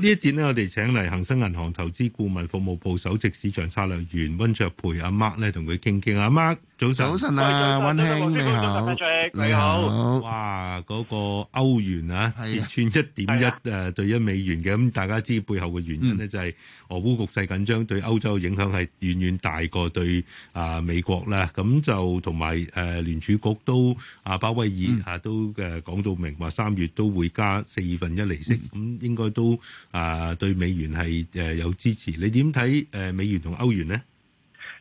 呢一節咧，我哋請嚟恒生銀行投資顧問服務部首席市場策略員溫灼培阿 Mark 咧，同佢傾傾阿 Mark。早晨，早晨啊，溫馨你好，你好。哇，嗰個歐元啊跌穿一點一誒對一美元嘅，咁大家知背後嘅原因呢，就係俄烏局勢緊張對歐洲影響係遠遠大過對啊美國啦，咁就同埋誒聯儲局都阿鮑威爾啊都嘅講到明話三月都會加四分一利息，咁應該都啊對美元係誒有支持。你點睇誒美元同歐元呢？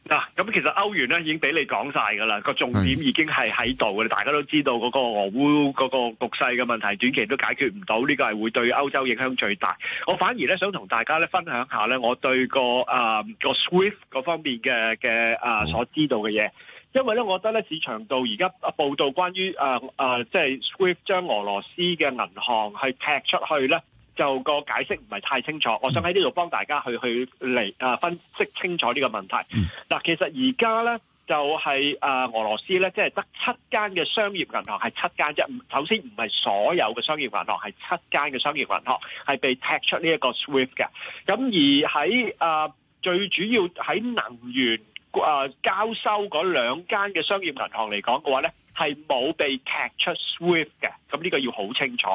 嗱，咁其實歐元咧已經俾你講晒㗎啦，個重點已經係喺度嘅。大家都知道嗰個俄烏嗰個局勢嘅問題，短期都解決唔到，呢個係會對歐洲影響最大。我反而咧想同大家咧分享下咧，我對個啊個 SWIFT 嗰方面嘅嘅啊所知道嘅嘢，因為咧，我覺得咧市場度而家報道關於啊啊即係 SWIFT 將俄羅斯嘅銀行係踢出去咧。就個解釋唔係太清楚，我想喺呢度幫大家去去嚟啊分析清楚呢個問題。嗱、嗯，其實而家咧就係啊，俄羅斯咧即係得七間嘅商業銀行係七間啫。首先唔係所有嘅商業銀行，係七間嘅商業銀行係被踢出呢一個 SWIFT 嘅。咁而喺啊最主要喺能源啊交收嗰兩間嘅商業銀行嚟講嘅話咧。係冇被踢出、er、Swift 嘅，咁、這、呢個要好清楚。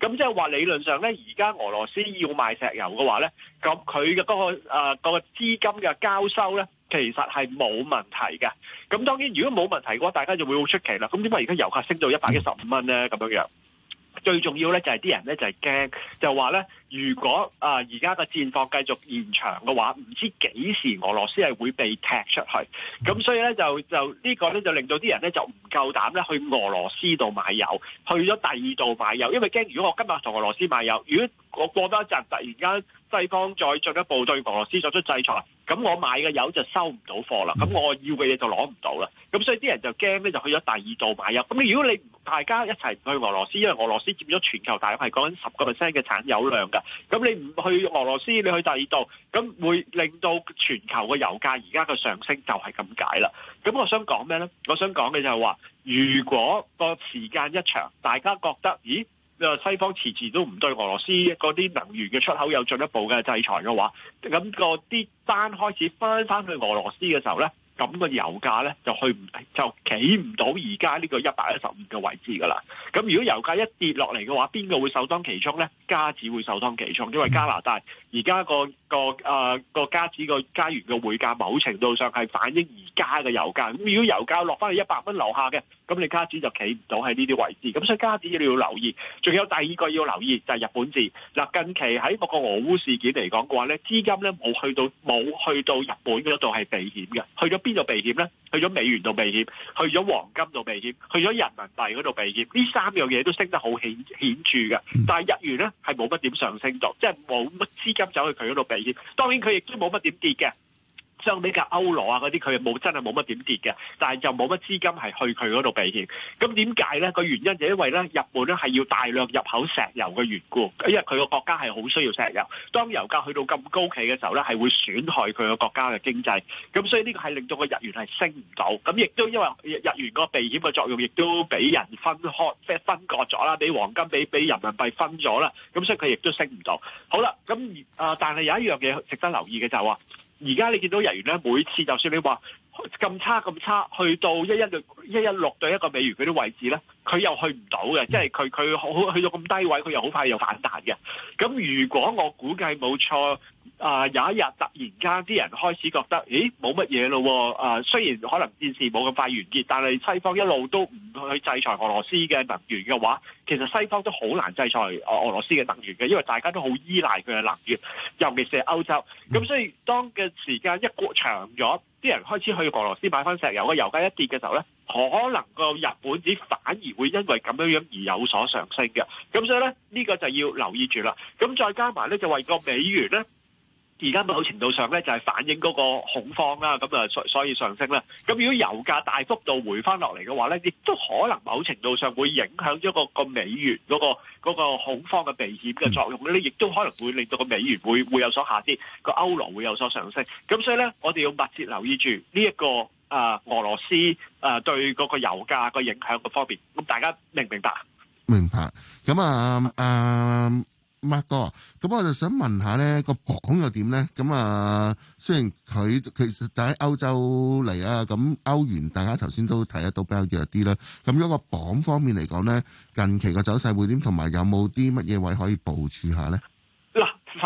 咁即係話理論上呢，而家俄羅斯要賣石油嘅話呢，咁佢嘅嗰個誒、呃那個資金嘅交收呢，其實係冇問題嘅。咁當然，如果冇問題嘅話，大家就會好出奇啦。咁點解而家油價升到一百一十五蚊呢？咁樣樣。最重要咧就係啲人咧就係驚，就話、是、咧如果啊而家個戰況繼續延長嘅話，唔知幾時俄羅斯係會被踢出去，咁所以咧就就、這個、呢個咧就令到啲人咧就唔夠膽咧去俄羅斯度買油，去咗第二度買油，因為驚如果我今日同俄羅斯買油，如果我過多一陣突然間西方再進一步對俄羅斯作出制裁。咁我買嘅油就收唔到貨啦，咁我要嘅嘢就攞唔到啦，咁所以啲人就驚咧，就去咗第二度買油。咁你如果你大家一齊唔去俄羅斯，因為俄羅斯佔咗全球大約係講緊十個 percent 嘅產油量嘅，咁你唔去俄羅斯，你去第二度，咁會令到全球嘅油價而家嘅上升就係咁解啦。咁我想講咩咧？我想講嘅就係話，如果個時間一長，大家覺得，咦？西方遲遲都唔對俄羅斯嗰啲能源嘅出口有進一步嘅制裁嘅話，咁個啲單開始返返去俄羅斯嘅時候那那呢，咁個油價呢就去唔就企唔到而家呢個一百一十五嘅位置㗎喇。咁如果油價一跌落嚟嘅話，邊個會首當其衝呢？加紙會首當其衝，因為加拿大而家個。個誒、啊、個加紙個加元個匯價，某程度上係反映而家嘅油價。咁如果油價落翻去一百蚊樓下嘅，咁你加紙就企唔到喺呢啲位置。咁所以加紙你要留意，仲有第二個要留意就係、是、日本字。嗱、啊、近期喺個俄烏事件嚟講嘅話咧，資金咧冇去到冇去到日本嗰度係避險嘅，去咗邊度避險咧？去咗美元度避險，去咗黃金度避險，去咗人民幣嗰度避險。呢三樣嘢都升得好顯顯著嘅，但係日元咧係冇乜點上升度，即係冇乜資金走去佢嗰度避險。當然，佢亦都冇乜點跌嘅。相比較歐羅啊嗰啲，佢冇真係冇乜點跌嘅，但係就冇乜資金係去佢嗰度避險。咁點解咧？個原因就因為咧，日本咧係要大量入口石油嘅緣故，因為佢個國家係好需要石油。當油價去到咁高企嘅時候咧，係會損害佢個國家嘅經濟。咁所以呢個係令到個日元係升唔到。咁亦都因為日元個避險嘅作用，亦都俾人分開，即係分割咗啦，俾黃金、俾俾人民幣分咗啦。咁所以佢亦都升唔到。好啦，咁啊，但係有一樣嘢值得留意嘅就係、是、話。而家你見到日元咧，每次就算你話咁差咁差，去到一一六一一六對一個美元嗰啲位置咧，佢又去唔到嘅，即係佢佢好去到咁低位，佢又好快又反彈嘅。咁如果我估計冇錯。啊！有一日突然間啲人開始覺得，咦，冇乜嘢咯？啊，雖然可能戰事冇咁快完結，但係西方一路都唔去制裁俄羅斯嘅能源嘅話，其實西方都好難制裁俄羅斯嘅能源嘅，因為大家都好依賴佢嘅能源，尤其是係歐洲。咁所以當嘅時間一過長咗，啲人開始去俄羅斯買翻石油，個油價一跌嘅時候咧，可能個日本紙反而會因為咁樣樣而有所上升嘅。咁所以咧，呢個就要留意住啦。咁再加埋咧，就為個美元咧。而家某程度上咧，就係反映嗰個恐慌啦，咁啊，所所以上升啦。咁如果油價大幅度回翻落嚟嘅話咧，亦都可能某程度上會影響咗個個美元嗰個恐慌嘅避險嘅作用，咧亦、嗯、都可能會令到個美元會會有所下跌，個歐羅會有所上升。咁所以咧，我哋要密切留意住呢一個啊，俄羅斯啊對嗰個油價個影響嘅方面。咁大家明唔明白？明白。咁啊，嗯。嗯。馬哥，咁我就想問下咧，個鎊又點咧？咁、嗯、啊，雖然佢其實就喺歐洲嚟啊，咁歐元大家頭先都睇得到比較弱啲啦。咁如果個鎊方面嚟講咧，近期個走勢會點？同埋有冇啲乜嘢位可以部署下咧？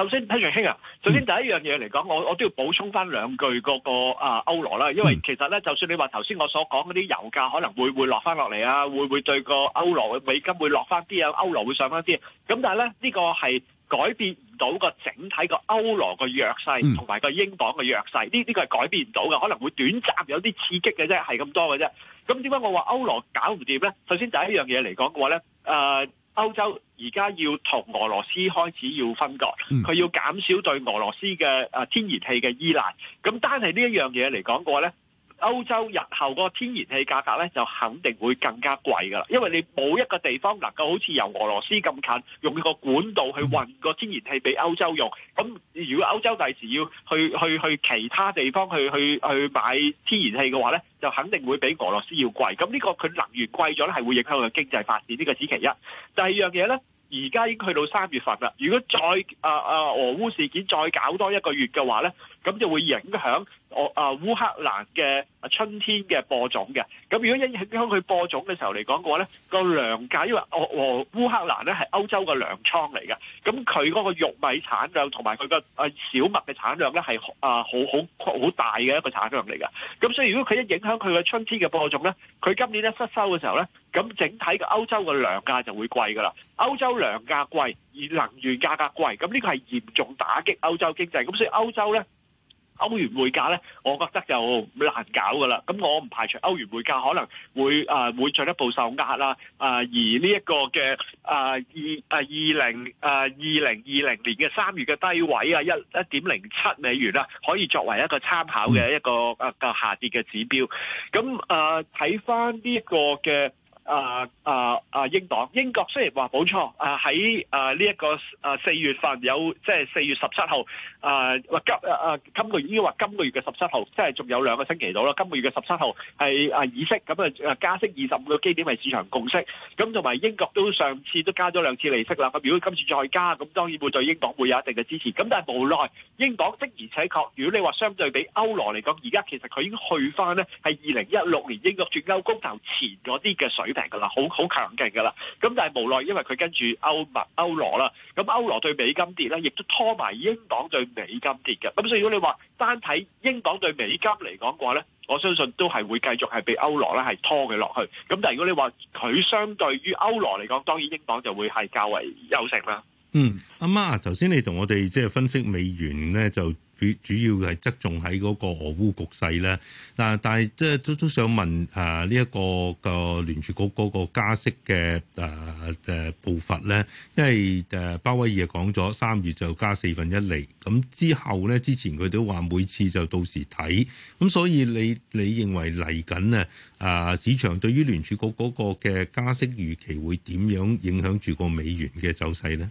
首先，希瑞卿啊，首先第一樣嘢嚟講，我我都要補充翻兩句嗰、那個啊歐羅啦，因為其實咧，就算你話頭先我所講嗰啲油價可能會會落翻落嚟啊，會唔會對個歐羅嘅美金會落翻啲啊，歐羅會上翻啲？咁但係咧，呢、這個係改變唔到個整體個歐羅嘅弱勢同埋個英鎊嘅弱勢。呢、這、呢個係、這個、改變唔到嘅，可能會短暫有啲刺激嘅啫，係咁多嘅啫。咁點解我話歐羅搞唔掂咧？首先第一樣嘢嚟講嘅話咧，誒、呃。歐洲而家要同俄羅斯開始要分割，佢要減少對俄羅斯嘅啊天然氣嘅依賴，咁單係呢一樣嘢嚟講嘅話咧，歐洲日後個天然氣價格咧就肯定會更加貴噶啦，因為你冇一個地方能夠好似由俄羅斯咁近，用一個管道去運個天然氣俾歐洲用。咁如果歐洲第時要去去去其他地方去去去買天然氣嘅話咧，就肯定會比俄羅斯要貴。咁呢個佢能源貴咗咧，係會影響佢經濟發展。呢、這個只其一。第二樣嘢咧，而家已經去到三月份啦。如果再啊啊、呃呃、俄烏事件再搞多一個月嘅話咧，咁就會影響我啊烏克蘭嘅春天嘅播種嘅。咁如果一影響佢播種嘅時候嚟講嘅話咧，個糧價因為俄烏克蘭咧係歐洲嘅糧倉嚟嘅，咁佢嗰個玉米產量同埋佢個啊小麥嘅產量咧係啊好好好大嘅一個產量嚟嘅。咁所以如果佢一影響佢嘅春天嘅播種咧，佢今年咧失收嘅時候咧，咁整體嘅歐洲嘅糧價就會貴噶啦。歐洲糧價貴，而能源價格貴，咁呢個係嚴重打擊歐洲經濟。咁所以歐洲咧。歐元匯價咧，我覺得就難搞噶啦。咁我唔排除歐元匯價可能會啊、呃、會進一步受壓啦。啊、呃，而呢一個嘅啊二啊二零啊二零二零年嘅三月嘅低位啊一一點零七美元啦，可以作為一個參考嘅一個啊、嗯、個下跌嘅指標。咁啊睇返呢一個嘅。啊啊啊！英、啊、鎊英國雖然話冇錯，啊喺啊呢一個啊四月份有即係四月十七號啊或今啊啊今個月應該話今個月嘅十七號，即係仲有兩個星期到啦。今個月嘅十七號係啊議息，咁啊加息二十五個基點係市場共識。咁同埋英國都上次都加咗兩次利息啦。咁如果今次再加，咁當然會對英鎊會有一定嘅支持。咁但係無奈英鎊的而且確，如果你話相對比歐羅嚟講，而家其實佢已經去翻呢係二零一六年英國脫歐公投前嗰啲嘅水平。好好強勁嘅啦，咁但係無奈，因為佢跟住歐麥歐羅啦，咁歐羅對美金跌咧，亦都拖埋英鎊對美金跌嘅，咁所以如果你話單睇英鎊對美金嚟講嘅話咧，我相信都係會繼續係被歐羅咧係拖佢落去，咁但係如果你話佢相對於歐羅嚟講，當然英鎊就會係較為優勝啦。嗯，阿、啊媽，頭先你同我哋即係分析美元咧就。主主要係側重喺嗰個俄烏局勢咧，但係但係即係都都都想問誒呢一個個聯儲局嗰個加息嘅誒誒步伐咧，因為誒、啊、鮑威爾又講咗三月就加四分一厘，咁之後咧之前佢都話每次就到時睇，咁所以你你認為嚟緊咧誒市場對於聯儲局嗰個嘅加息預期會點樣影響住個美元嘅走勢咧？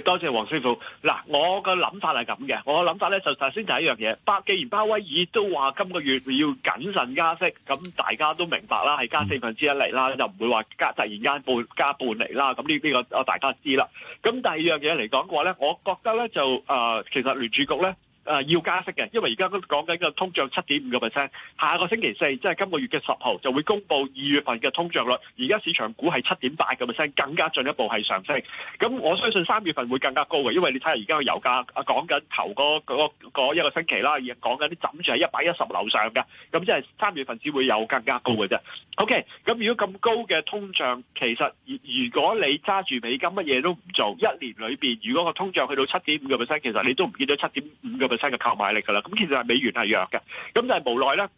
多謝黃師傅。嗱，我個諗法係咁嘅，我諗法咧就首先第一樣嘢，鮑既然鮑威爾都話今個月要謹慎加息，咁大家都明白啦，係加四分之一厘啦，就唔會話加突然間半加半厘啦。咁呢呢個啊大家知啦。咁第二樣嘢嚟講嘅話咧，我覺得咧就啊、呃，其實聯儲局咧。誒、啊、要加息嘅，因為而家講緊個通脹七點五個 percent，下個星期四即係、就是、今個月嘅十號就會公布二月份嘅通脹率，而家市場估係七點八個 percent，更加進一步係上升。咁我相信三月份會更加高嘅，因為你睇下而家個油價講緊、啊、頭、嗰個、嗰一個星期啦，而講緊啲枕住喺一百一十樓上嘅，咁即係三月份只會有更加高嘅啫。OK，咁如果咁高嘅通脹，其實如果你揸住美金乜嘢都唔做，一年裏邊如果個通脹去到七點五個 percent，其實你都唔見到七點五個 percent。嘅購買力噶啦，咁其實美元係弱嘅，咁就係無奈咧，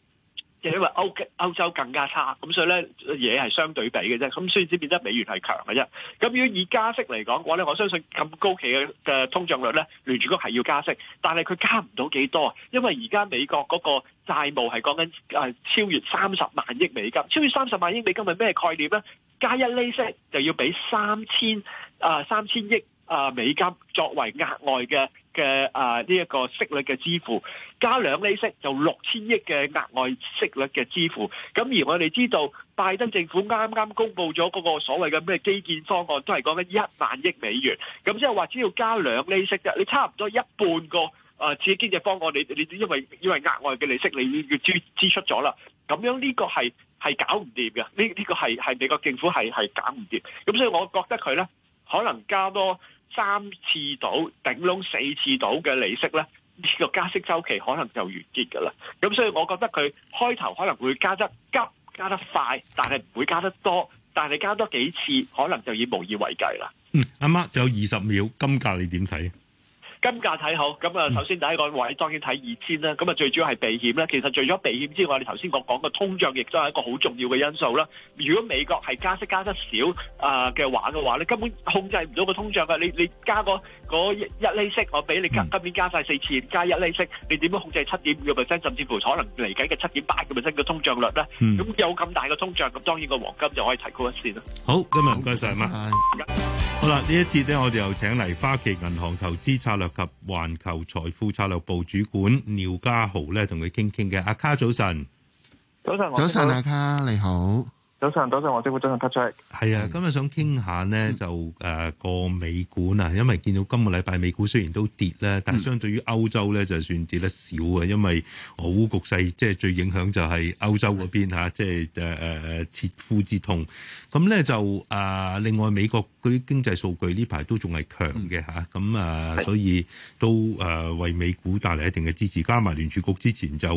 就因為歐歐洲更加差，咁所以咧嘢係相對比嘅啫，咁所以先變得美元係強嘅啫。咁如果以加息嚟講嘅話咧，我相信咁高企嘅嘅通脹率咧，聯儲局係要加息，但係佢加唔到幾多，因為而家美國嗰個債務係講緊誒超越三十萬億美金，超越三十萬億美金係咩概念咧？加一釐息就要俾三千啊三千億啊美金作為額外嘅。嘅啊，呢一個息率嘅支付，加兩厘息就六千億嘅額外息率嘅支付，咁而我哋知道拜登政府啱啱公布咗嗰個所謂嘅咩基建方案，都係講緊一萬億美元，咁即係話只要加兩厘息啫，你差唔多一半個自己經濟方案，你你因為因為額外嘅利息，你要要支支出咗啦，咁樣呢個係係搞唔掂嘅，呢呢個係係美國政府係係搞唔掂，咁所以我覺得佢咧可能加多。三次到頂籠四次到嘅利息呢，呢、呢個加息周期可能就完結噶啦。咁所以我覺得佢開頭可能會加得急、加得快，但係唔會加得多，但係加多幾次可能就已無以為繼啦。嗯，阿媽,仲有二十秒，金價你點睇？金價睇好，咁啊首先第一個位當然睇二千啦，咁啊最主要係避險啦。其實除咗避險之外，你頭先講講個通脹亦都係一個好重要嘅因素啦。如果美國係加息加得少啊嘅話嘅話，你根本控制唔到個通脹㗎。你你加個嗰一厘息，我俾你今年加晒四次，加一厘息，你點樣控制七點五個 percent，甚至乎可能嚟緊嘅七點八個 percent 嘅通脹率咧？咁、嗯、有咁大個通脹，咁當然個黃金就可以提高一線啦。好，今日唔該曬，阿好啦，呢一節咧，我哋又請嚟花旗銀行投資策略及環球財富策劃部主管廖嘉豪咧，同佢傾傾嘅。阿卡早晨，早晨，早晨，阿卡你好，早晨，早晨，黃師傅早晨，cut 出嚟，係啊，今日想傾下咧，就誒個美股啊，因為見到今個禮拜美股雖然都跌啦，但係相對於歐洲咧，就係算跌得少嘅，因為俄烏局勢即係最影響就係歐洲嗰邊吓，即係誒誒誒切膚之痛。咁咧就誒另外美國。啲經濟數據呢排都仲係強嘅嚇，咁、嗯、啊，是所以都誒為美股帶嚟一定嘅支持。加埋聯儲局之前就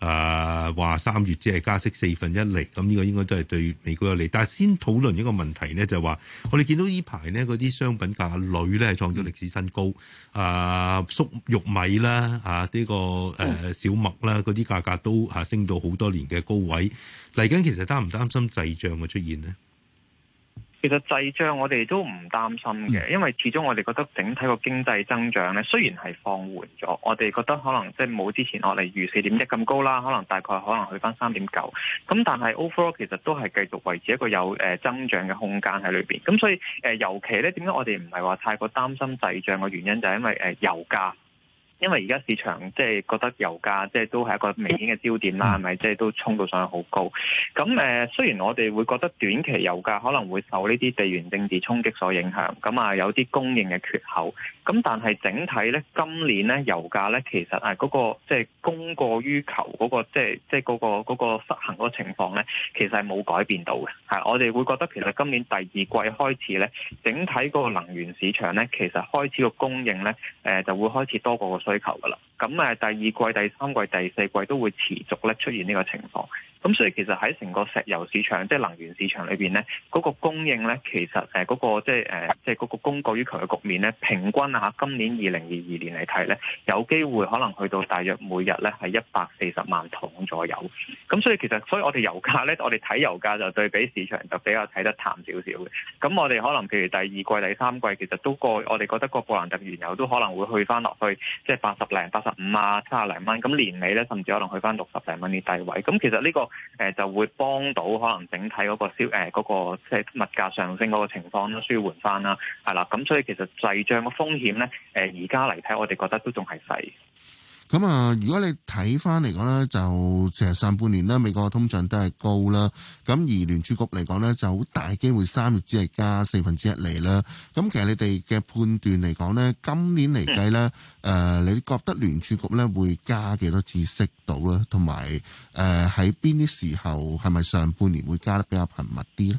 誒話三月即係加息四分一厘，咁、這、呢個應該都係對美股有利。但係先討論一個問題呢，就係話我哋見到呢排呢嗰啲商品價格咧係創咗歷史新高，嗯、啊，粟玉米啦，啊，呢、這個誒、啊、小麥啦，嗰啲價格都啊升到好多年嘅高位。嚟緊其實擔唔擔心滯脹嘅出現呢？其實滯脹我哋都唔擔心嘅，因為始終我哋覺得整體個經濟增長咧，雖然係放緩咗，我哋覺得可能即係冇之前落嚟，如四點一咁高啦，可能大概可能去返三點九，咁但係 overall 其實都係繼續維持一個有誒增長嘅空間喺裏邊，咁所以誒、呃、尤其咧，點解我哋唔係話太過擔心滯脹嘅原因就係、是、因為誒、呃、油價。因為而家市場即係覺得油價即係都係一個明顯嘅焦點啦，係咪？即係都衝到上去好高。咁誒、呃，雖然我哋會覺得短期油價可能會受呢啲地緣政治衝擊所影響，咁啊、呃、有啲供應嘅缺口。咁但係整體咧，今年咧油價咧其實係嗰、那個即係、就是、供過於求嗰、那個即係即係嗰個嗰、那個失衡嗰個情況咧，其實係冇改變到嘅。係我哋會覺得其實今年第二季開始咧，整體嗰個能源市場咧，其實開始個供應咧誒、呃、就會開始多過個需求噶啦，咁誒，第二季、第三季、第四季都會持續咧出現呢個情況。咁所以其實喺成個石油市場，即係能源市場裏邊咧，嗰、那個供應咧，其實誒、那、嗰個即係誒即係嗰個供過於求嘅局面咧，平均嚇今年二零二二年嚟睇咧，有機會可能去到大約每日咧係一百四十萬桶左右。咁、hmm. 所以其實，所以我哋油價咧，我哋睇油價就對比市場就比較睇得淡少少嘅。咁、嗯、我哋可能譬如第二季、第三季，其實都過我哋覺得個布蘭特原油，油都可能會去翻落去即係、就是、八十零、八十五啊、七十零蚊。咁年尾咧，甚至可能去翻六十零蚊啲低位。咁其實呢個誒、呃、就會幫到可能整體嗰個消誒嗰個即係物價上升嗰個情況都舒緩翻啦，係、嗯、啦，咁所以其實滯脹嘅風險咧，誒而家嚟睇，我哋覺得都仲係細。咁啊，如果你睇翻嚟講咧，就成上半年咧，美國通脹都係高啦。咁而聯儲局嚟講咧，就好大機會三月只係加四分之一釐啦。咁其實你哋嘅判斷嚟講咧，今年嚟計咧，誒你覺得聯儲局咧會加幾多次息到咧？同埋誒喺邊啲時候係咪上半年會加得比較頻密啲咧？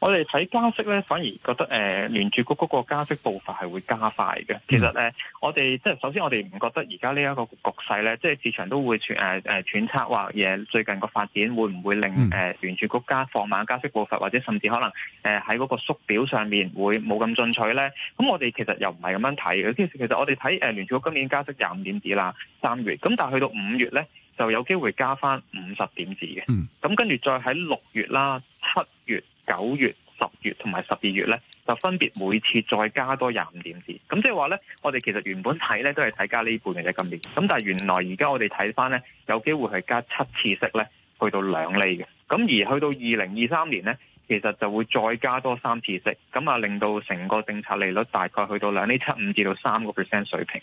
我哋睇加息咧，反而覺得誒聯儲局嗰個加息步伐係會加快嘅。嗯、其實咧，我哋即係首先我哋唔覺得而家呢一個局勢咧，即係市場都會誒誒揣測話嘢最近個發展會唔會令誒聯儲局加放慢加息步伐，或者甚至可能誒喺嗰個縮表上面會冇咁進取咧。咁我哋其實又唔係咁樣睇嘅。其實我哋睇誒聯儲局今年加息廿五點子啦，三月，咁但係去到五月咧就有機會加翻五十點子嘅。咁、嗯、跟住再喺六月啦、七月、九月、十月同埋十二月咧，就分別每次再加多廿五點子，咁即係話咧，我哋其實原本睇咧都係睇加呢半嘅啫，今年，咁但係原來而家我哋睇返咧，有機會係加七次息咧，去到兩厘嘅，咁而去到二零二三年咧，其實就會再加多三次息，咁啊令到成個政策利率大概去到兩厘七五至到三個 percent 水平。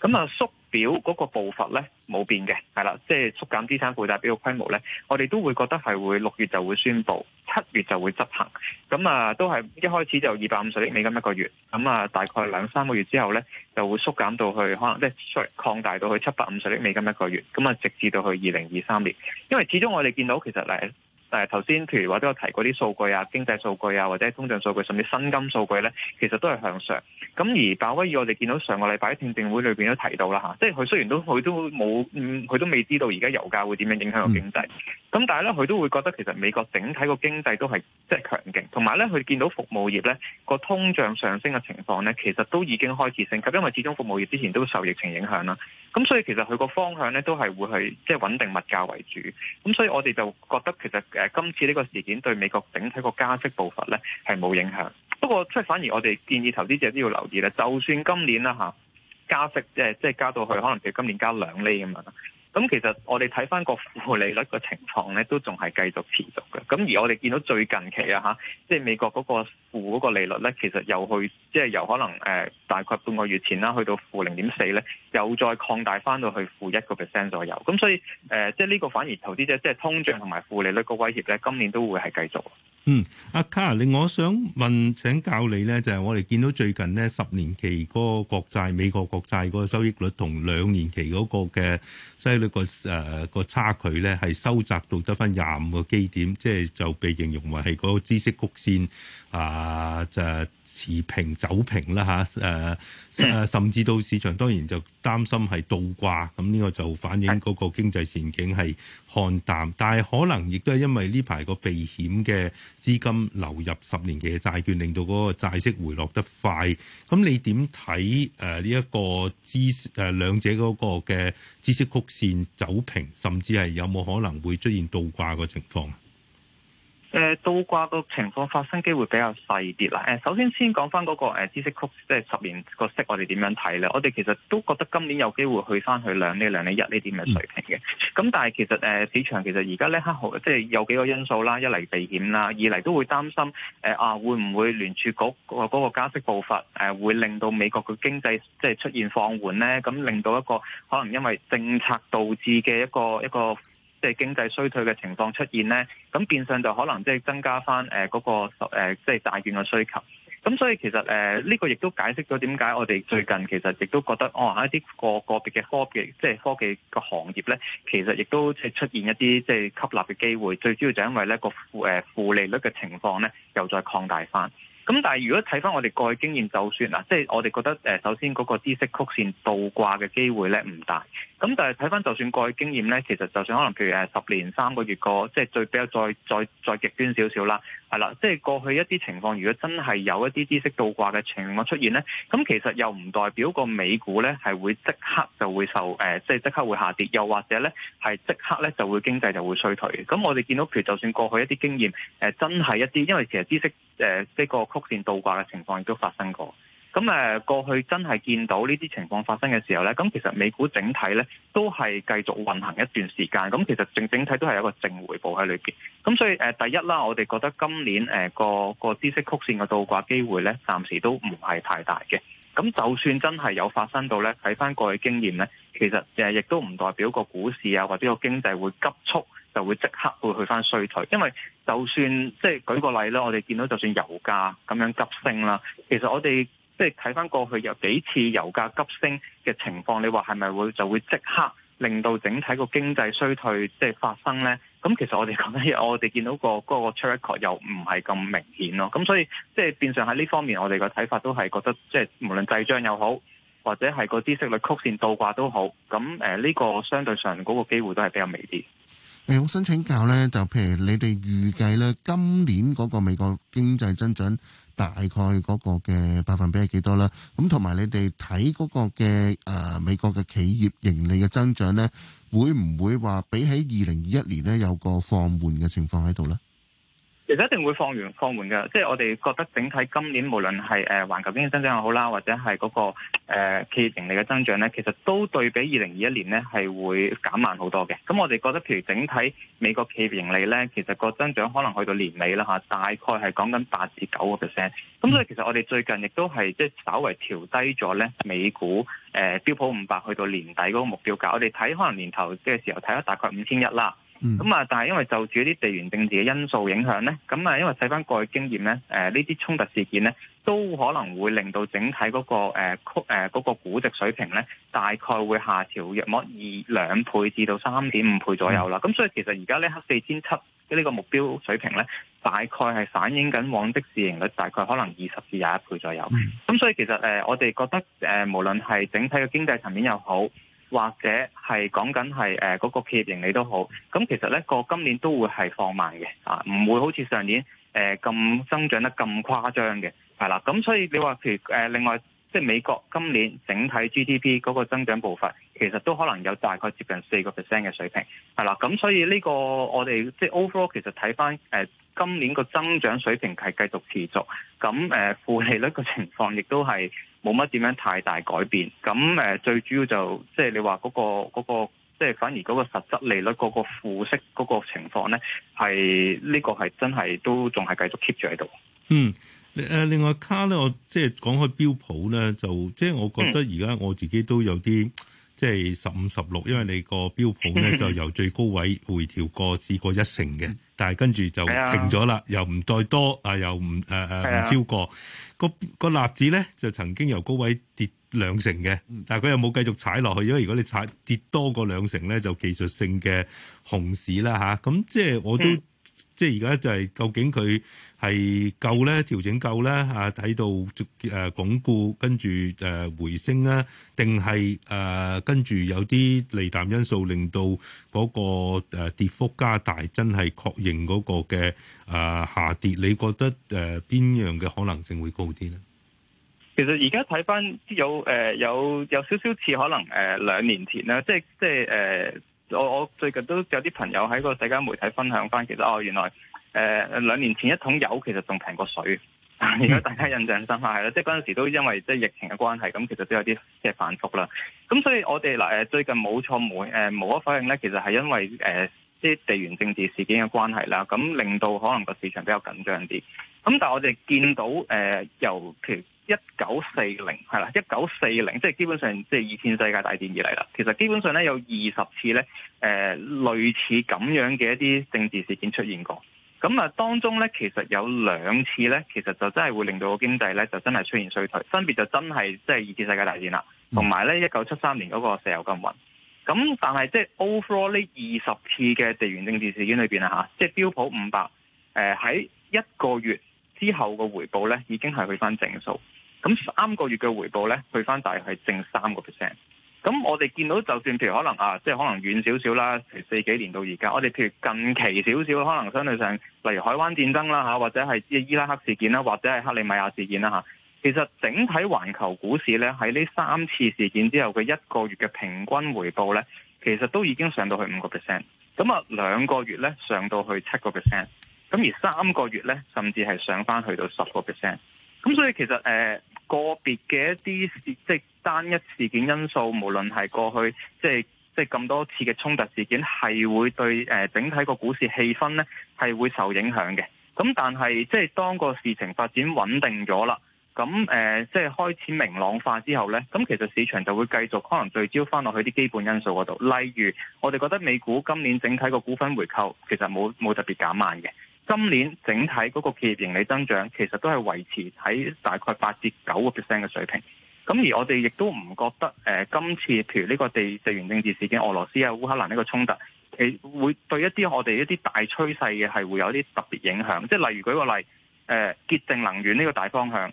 咁啊，縮表嗰個步伐咧冇變嘅，係啦，即係縮減資產負債表嘅規模咧，我哋都會覺得係會六月就會宣布，七月就會執行。咁啊，都係一開始就二百五十億美金一個月，咁啊，大概兩三個月之後咧，就會縮減到去可能即係擴大到去七百五十億美金一個月，咁啊，直至到去二零二三年，因為始終我哋見到其實咧。但係頭先，譬如話都有提過啲數據啊、經濟數據啊，或者通脹數據，甚至薪金數據咧，其實都係向上。咁而鮑威爾，我哋見到上個禮拜喺聽證會裏邊都提到啦嚇，即係佢雖然都佢都冇，嗯，佢都未知道而家油價會點樣影響個經濟。咁、嗯、但係咧，佢都會覺得其實美國整體個經濟都係即係強勁，同埋咧，佢見到服務業咧個通脹上升嘅情況咧，其實都已經開始升級，因為始終服務業之前都受疫情影響啦。咁所以其實佢個方向咧都係會去即係穩定物價為主，咁所以我哋就覺得其實誒今次呢個事件對美國整體個加息步伐咧係冇影響。不過即係反而我哋建議投資者都要留意啦，就算今年啦吓加息誒即係加到去可能佢今年加兩厘咁樣啊。咁其實我哋睇翻個負利率嘅情況咧，都仲係繼續持續嘅。咁而我哋見到最近期啊，吓，即係美國嗰個負個利率咧，其實又去即係由可能誒、呃、大概半個月前啦，去到負零點四咧，又再擴大翻到去負一個 percent 左右。咁、嗯、所以誒、呃，即係呢個反而投資者即係通脹同埋負利率個威脅咧，今年都會係繼續。嗯，阿 Carly 我想問請教你咧，就係我哋見到最近呢十年期個國債、美國國債個收益率同兩年期嗰個嘅收益率個誒個差距咧，係收窄到得返廿五個基點，即係就被形容為係個孳息曲線啊，就持平走平啦吓，誒、呃、誒，甚至到市場當然就擔心係倒掛，咁呢個就反映嗰個經濟前景係看淡。但係可能亦都係因為呢排個避險嘅資金流入十年期嘅債券，令到嗰個債息回落得快。咁你點睇誒呢一個孳誒、呃、兩者嗰個嘅孳息曲線走平，甚至係有冇可能會出現倒掛個情況？誒倒掛個情況發生機會比較細啲啦。誒首先先講翻嗰個、呃、知識曲即係十年個息，我哋點樣睇咧？我哋其實都覺得今年有機會去翻去兩釐兩釐一呢啲嘅水平嘅。咁但係其實誒、呃、市場其實而家呢一刻即係有幾個因素啦，一嚟避險啦，二嚟都會擔心誒啊、呃、會唔會聯儲局個嗰個加息步伐誒、呃、會令到美國嘅經濟即係出現放緩咧？咁令到一個可能因為政策導致嘅一個一個。一個一個即係經濟衰退嘅情況出現咧，咁變相就可能即係增加翻誒嗰個即係債券嘅需求。咁所以其實誒呢個亦都解釋咗點解我哋最近其實亦都覺得哦一啲個個別嘅科技即係、就是、科技個行業咧，其實亦都係出現一啲即係吸納嘅機會。最主要就因為咧個負誒負利率嘅情況咧又再擴大翻。咁但係如果睇返我哋過去經驗就算嗱，即係我哋覺得誒、呃、首先嗰個孳息曲線倒掛嘅機會咧唔大。咁但係睇返就算過去經驗咧，其實就算可能譬如誒、呃、十年三個月個，即係最比較再再再極端少少啦，係、嗯、啦。即係過去一啲情況，如果真係有一啲孳息倒掛嘅情況出現咧，咁、嗯、其實又唔代表個美股咧係會即刻就會受誒、呃，即係即刻會下跌，又或者咧係即刻咧就會經濟就會衰退。咁、嗯、我哋見到譬如就算過去一啲經驗誒、呃、真係一啲，因為其實孳息誒呢個曲線倒掛嘅情況亦都發生過，咁誒過去真係見到呢啲情況發生嘅時候呢，咁其實美股整體呢都係繼續運行一段時間，咁其實整整體都係有一個正回報喺裏邊，咁所以誒、呃、第一啦，我哋覺得今年誒、呃、個個孳息曲線嘅倒掛機會呢，暫時都唔係太大嘅，咁就算真係有發生到呢，睇返過去經驗呢，其實誒亦、呃、都唔代表個股市啊或者個經濟會急速。就會即刻會去翻衰退，因為就算即係、就是、舉個例啦，我哋見到就算油價咁樣急升啦，其實我哋即係睇翻過去有幾次油價急升嘅情況，你話係咪會就會即刻令到整體個經濟衰退即係發生呢？咁其實我哋講緊，我哋見到、那個嗰、那個 c 又唔係咁明顯咯。咁所以即係、就是、變相喺呢方面，我哋嘅睇法都係覺得即係、就是、無論滯脹又好，或者係個孳息率曲線倒掛都好，咁誒呢個相對上嗰、那個機會都係比較微啲。誒，我想請教咧，就譬如你哋預計咧，今年嗰個美國經濟增長大概嗰個嘅百分比係幾多啦？咁同埋你哋睇嗰個嘅誒美國嘅企業盈利嘅增長咧，會唔會話比起二零二一年咧，有個放緩嘅情況喺度咧？其實一定會放緩放緩嘅，即係我哋覺得整體今年無論係誒環球經濟增長又好啦，或者係嗰、那個、呃、企業盈利嘅增長咧，其實都對比二零二一年咧係會減慢好多嘅。咁我哋覺得，譬如整體美國企業盈利咧，其實個增長可能去到年尾啦嚇、啊，大概係講緊八至九個 percent。咁所以其實我哋最近亦都係即係稍微調低咗咧美股誒、呃、標普五百去到年底嗰個目標價。我哋睇可能年頭嘅時候睇咗大概五千一啦。咁啊，嗯、但係因為就住啲地緣政治嘅因素影響咧，咁啊，因為睇翻過去經驗咧，誒呢啲衝突事件咧，都可能會令到整體嗰、那個誒誒嗰個估值水平咧，大概會下調約莫二兩倍至到三點五倍左右啦。咁、嗯、所以其實而家呢一刻四千七嘅呢個目標水平咧，大概係反映緊往績市盈率大概可能二十至廿一倍左右。咁、嗯、所以其實誒、呃，我哋覺得誒、呃，無論係整體嘅經濟層面又好。或者係講緊係誒嗰個企業盈利都好，咁其實呢個今年都會係放慢嘅，啊唔會好似上年誒咁、呃、增長得咁誇張嘅，係啦，咁所以你話譬如誒、呃、另外即係、就是、美國今年整體 GDP 嗰個增長步伐，其實都可能有大概接近四個 percent 嘅水平，係啦，咁所以呢個我哋即係 overall 其實睇翻誒今年個增長水平係繼續持續，咁誒、呃、負利率嘅情況亦都係，冇乜點樣太大改變，咁誒最主要就即、是、係、就是、你話嗰、那個即係、那個就是、反而嗰個實質利率嗰、那個負息嗰個情況咧，係呢、這個係真係都仲係繼續 keep 住喺度。嗯，誒另外卡咧，我即係講開標普咧，就即係、就是、我覺得而家我自己都有啲即係十五十六，就是、15, 15, 16, 因為你個標普咧就由最高位回調過至 過一成嘅。但係跟住就停咗啦、啊呃，又唔再多啊，又唔誒誒唔超過個個臘指咧，就曾經由高位跌兩成嘅，但係佢又冇繼續踩落去，因為如果你踩跌多過兩成咧，就技術性嘅熊市啦吓，咁即係我都。嗯即係而家就係究竟佢係夠咧調整夠咧啊，喺度誒鞏固，跟住誒回升咧，定係誒跟住有啲利淡因素令到嗰個誒跌幅加大，真係確認嗰個嘅啊下跌。你覺得誒邊樣嘅可能性會高啲咧？其實而家睇翻有誒有有少少似可能誒兩年前啦，即係即係誒。我我最近都有啲朋友喺個世界媒體分享翻，其實哦原來誒兩、呃、年前一桶油其實仲平過水，如果大家印象深刻係啦，即係嗰陣時都因為即係疫情嘅關係，咁、嗯、其實都有啲即係反覆啦。咁所以我哋嗱誒最近冇錯冇誒無可否認咧，其實係因為、呃、即啲地緣政治事件嘅關係啦，咁、嗯、令到可能個市場比較緊張啲。咁、嗯、但係我哋見到誒尤其。呃呃呃一九四零係啦，一九四零即係基本上即係二次世界大戰以嚟啦。其實基本上咧有二十次咧，誒、呃、類似咁樣嘅一啲政治事件出現過。咁、嗯、啊，當中咧其實有兩次咧，其實就真係會令到個經濟咧就真係出現衰退。分別就真係即係二次世界大戰啦，同埋咧一九七三年嗰個石油禁運。咁、嗯、但係即係 overall 呢二十次嘅地緣政治事件裏邊啊，即係標普五百誒喺一個月之後嘅回報咧，已經係去返正數。咁三個月嘅回報咧，去翻大約係正三個 percent。咁我哋見到，就算譬如可能啊，即係可能遠少少啦，譬如四幾年到而家，我哋譬如近期少少，可能相對上，例如海灣戰爭啦嚇，或者係伊拉克事件啦，或者係克里米亞事件啦嚇。其實整體環球股市咧，喺呢三次事件之後嘅一個月嘅平均回報咧，其實都已經上到去五個 percent。咁啊，兩個月咧上到去七個 percent。咁而三個月咧，甚至係上翻去到十個 percent。咁所以其實誒。呃個別嘅一啲事，即係單一事件因素，無論係過去即係即係咁多次嘅衝突事件，係會對誒整體個股市氣氛咧係會受影響嘅。咁但係即係當個事情發展穩定咗啦，咁誒即係開始明朗化之後咧，咁其實市場就會繼續可能聚焦翻落去啲基本因素嗰度，例如我哋覺得美股今年整體個股份回購其實冇冇特別減慢嘅。今年整體嗰個企業盈利增長其實都係維持喺大概八至九個 percent 嘅水平。咁而我哋亦都唔覺得誒、呃，今次譬如呢個地地緣政治事件，俄羅斯啊、烏克蘭呢個衝突，其會對一啲我哋一啲大趨勢嘅係會有啲特別影響。即係例如舉個例，誒、呃，潔淨能源呢個大方向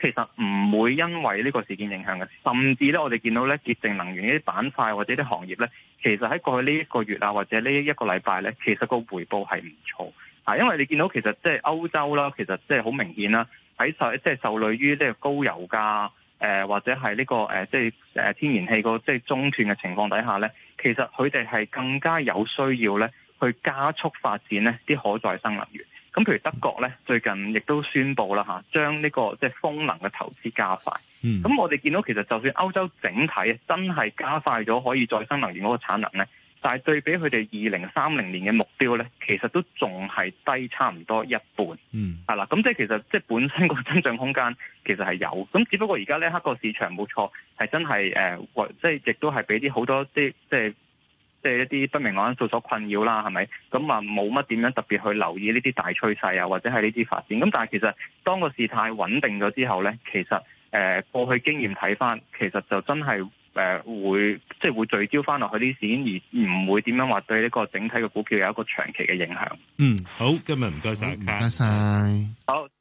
其實唔會因為呢個事件影響嘅。甚至咧，我哋見到咧，潔淨能源呢啲板塊或者啲行業咧，其實喺過去呢一個月啊，或者呢一個禮拜咧，其實個回報係唔錯。啊，因為你見到其實即係歐洲啦，其實即係好明顯啦，喺受即係受累於即係高油價，誒，或者係呢個誒即係誒天然氣個即係中斷嘅情況底下咧，其實佢哋係更加有需要咧去加速發展呢啲可再生能源。咁譬如德國咧，最近亦都宣布啦嚇，將呢個即係風能嘅投資加快。嗯，咁我哋見到其實就算歐洲整體真係加快咗可以再生能源嗰個產能咧。但係對比佢哋二零三零年嘅目標呢，其實都仲係低差唔多一半。嗯，係啦，咁即係其實即係本身個增長空間其實係有，咁只不過而家呢刻個市場冇錯係真係誒、呃，即係亦都係俾啲好多啲即係即係一啲不明朗因素所困擾啦，係咪？咁啊冇乜點樣特別去留意呢啲大趨勢啊，或者係呢啲發展。咁但係其實當個事態穩定咗之後呢，其實誒、呃、過去經驗睇返，其實就真係。誒、呃、會即係會聚焦翻落去啲事件，而唔會點樣話對呢個整體嘅股票有一個長期嘅影響。嗯，好，今日唔該晒。唔該晒，好。謝謝。